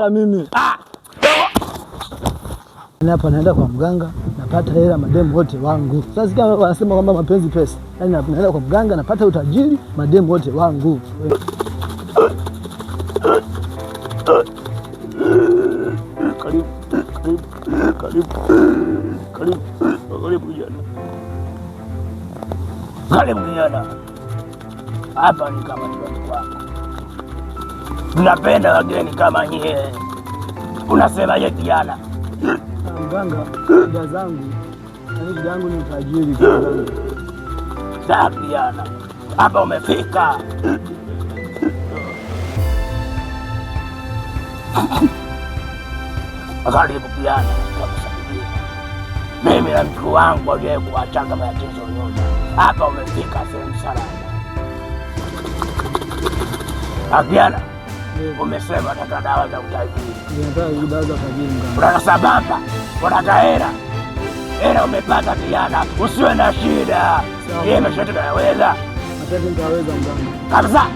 kulala mimi ah! yaani hapa naenda kwa mganga napata hela, mademu wote wangu. Sasa kama wanasema kwamba mapenzi pesa, yani naenda kwa mganga napata utajiri, mademu wote wangu. Karibu, karibu, karibu, karibu kijana, karibu kijana, hapa ni kama tuwatu kwako Mnapenda wageni kama nyie. Unasema ye kijana mganga, shida zangu yangu ni utajiri. Sasa kijana, hapa umefika karibu kijana, mimi na mkuu wangu aliye kuwachanga matatizo yote. Hapa umefika sehemu salama kijana. Ah, umesema nataka dawa za utajiri, unana sabamba, unataka hela hela, umepata kiana, usiwe na shida. Yeye mashati kayaweza kabisa,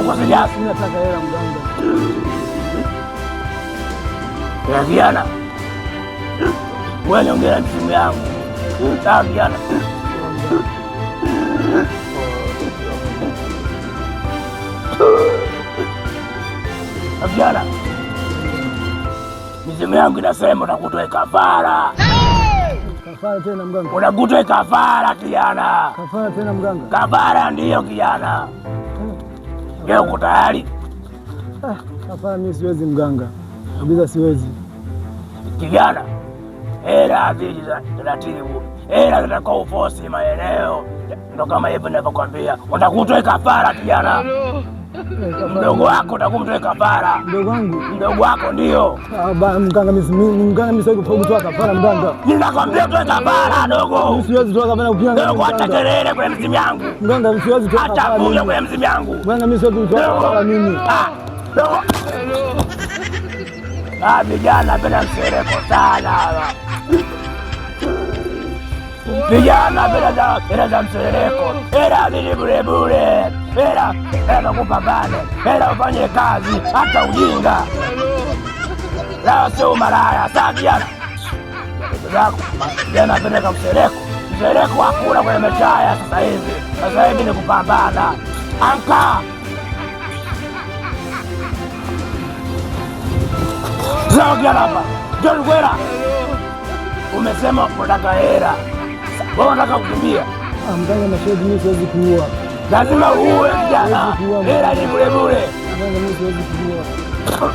ukosijaa eh, kiana, wewe niongea msimu yangu sawa ah, kiana Vijana, mizimu yangu inasema unakutwa kafara. Kafara tena mganga, unakutwa kafara kijana. Kafara tena mganga, kafara ndiyo kijana. Je, ah. uko tayari? Kafara ah, mimi siwezi mganga, kabisa siwezi kijana. Hela ziji taratibu, hela zinakuwa ufosi maeneo, ndo kama hivyo ninavyokuambia. unakutwa kafara kijana mdogo wako utakuwa mtoe kafara. Mdogo wangu? Mdogo wako ndio. Mganga mimi sasa kutoa kafara mganga. Ninakwambia utoe kafara dogo. Siwezi kutoa kafara ukianga. Dogo acha kelele kwenye mzimu yangu. Mganga siwezi kutoa kafara. Acha kuja kwenye mzimu yangu. Mganga mimi siwezi kutoa kafara mimi. Ah. Dogo. Ah, vijana napenda msereko sana vijana, hela za mserereko, hela ni bure bure, hela hela, kupambane hela, ufanye kazi, hata ujinga lao sio malaya. Saa vijana zako jana, peleka msereko, msereko hakuna kwenye mechaya sasa hivi. Sasa hivi ni kupambana, anka zao kia lapa John Gwera, umesema unataka hela wewe unataka kukimbia? Mganga Mashauri, mimi siwezi kuua. Lazima uue kijana, hela ni bure bure. Mganga, mimi siwezi kuua.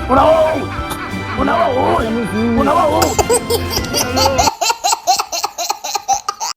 Unaua, unaua,